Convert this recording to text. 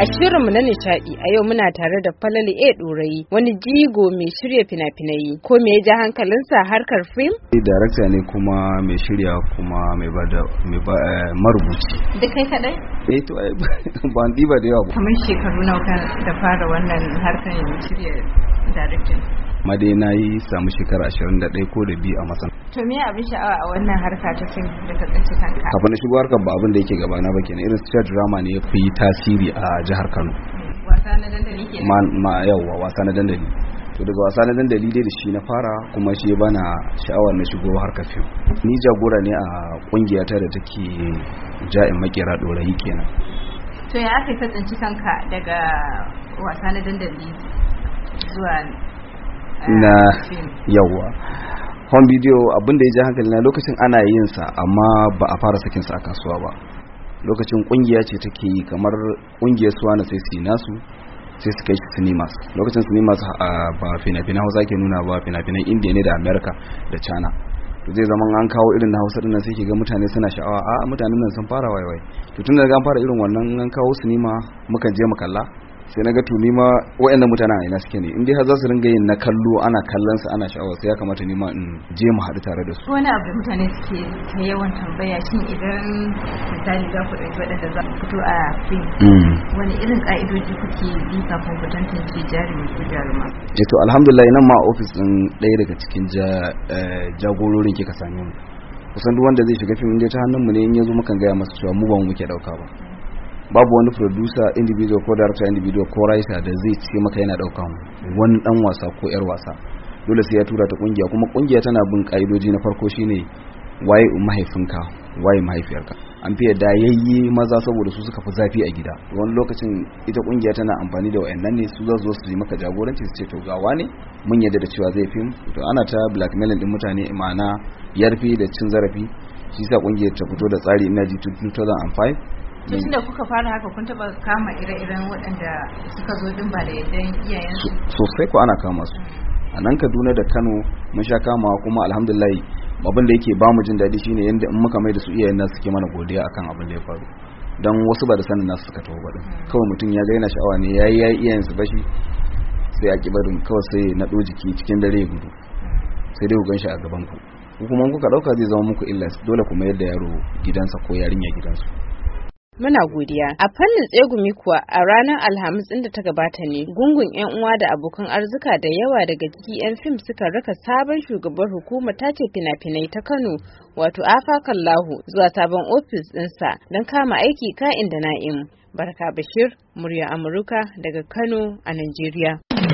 A shirinmu na nishadi a yau muna tare da Falali A Dorayi wani jigo mai shirya fina-finai ko me ya ja hankalinsa harkar fim? Ni darakta ne kuma mai shirya kuma mai bada eh, marubuci. Duk kai kadai? Eh to ai ba ni ba da yawa. Kamar shekaru nawa da fara wannan harkar shirya directing? amma dai na yi samu shekara ashirin da ɗaya ko da biyu a masana. to me abin sha'awa a wannan harka ta fim da ka tsinci kanka. kafin shigo harkar ba abin da yake gabana ba kenan irin stage drama ne ya fi tasiri a jihar kano. wasa na dandali ke nan. ma yawa wasa na dandali. to daga wasa na dandali dai da shi na fara kuma shi bana sha'awar na shigo harkar fim. ni jagora ne a kungiya ta da take ja'in makera dorayi kenan. to ya aka tsinci kanka daga wasa na dandali zuwa na yawa home video abinda ya ji hankali na lokacin ana yin sa amma ba a fara sakin sa a kasuwa ba lokacin kungiya ce take yi kamar kungiyar suwa na sai su nasu sai su kai shi cinemas lokacin cinemas ba fina-finan hausa ke nuna ba fina-finan indiya ne da america da china to zai zama an kawo irin na hausa dinnan sai ke ga mutane suna sha'awa a mutanen nan sun fara waiwai to tun da ga fara irin wannan an kawo sinima mukan je mu kalla sai na ga to nima waɗannan mutanen a ina suke ne in dai har za su ringa yin na kallo ana kallon su ana sha'awa sai ya kamata nima in je mu haɗu tare da su wani abu mutane suke ta yawan tambaya shin idan misali za ku ɗauki waɗanda za ku fito a fim mm. wani irin ƙa'idoji kuke bi kafin ku tantance jarumi ko jaruma eh to alhamdulillah nan ma ofis ɗin ɗaya daga cikin eh, jagororin kika same mu kusan duk wanda zai shiga fim inda ta hannun mu ne in ya zo mukan gaya masa cewa mu ba mu muke ɗauka ba babu wani producer individual ko director individual ko writer da zai ce maka yana daukan wani dan wasa ko yar wasa dole sai ya tura ta kungiya kuma kungiya tana bin ka'idoji na farko shine waye mahaifinka waye mahaifiyarka an fi yadda yi maza saboda su suka fi zafi a gida wani lokacin ita kungiya tana amfani da wayannan ne su zasu zo su yi maka jagoranci su ce to gawa ne mun yadda da cewa zai fim to ana ta blackmailing din mutane imana yarfi da cin zarafi shi sa kungiyar ta fito da tsari ina ji 2005 to tun da kuka fara haka kun taba kama ire-iren waɗanda suka zo din ba da iyayen iyayensu sosai ko ana kama su a nan kaduna da kano mun sha kama kuma alhamdulillah abin da yake bamu jin daɗi shine yanda in muka mai da su iyayen nasu suke mana godiya akan abin da ya faru dan wasu ba da sanin nasu suka taho ba hmm. kawai mutum ya ga yana sha'awa ne yayi yayi iyayen su bashi sai a kibarin kawai sai na do jiki cikin dare gudu hmm. sai dai ku ganshi a gaban ku kuma kuka ɗauka zai zama muku illa dole ku kuma da yaro gidansa ko yarinya gidansu Muna godiya. A fannin tsegumi kuwa a ranar Alhamis ɗin da ta gabata ne gungun 'yan uwa da abokan arzika da yawa daga ciki 'yan fim suka raka sabon shugaban hukumar tace fina-finai ta Kano wato Afa Kallahu zuwa sabon ofis ɗinsa don kama aiki ka'in da na'im. Barka Bashir, murya Amurka daga Kano a Najeriya.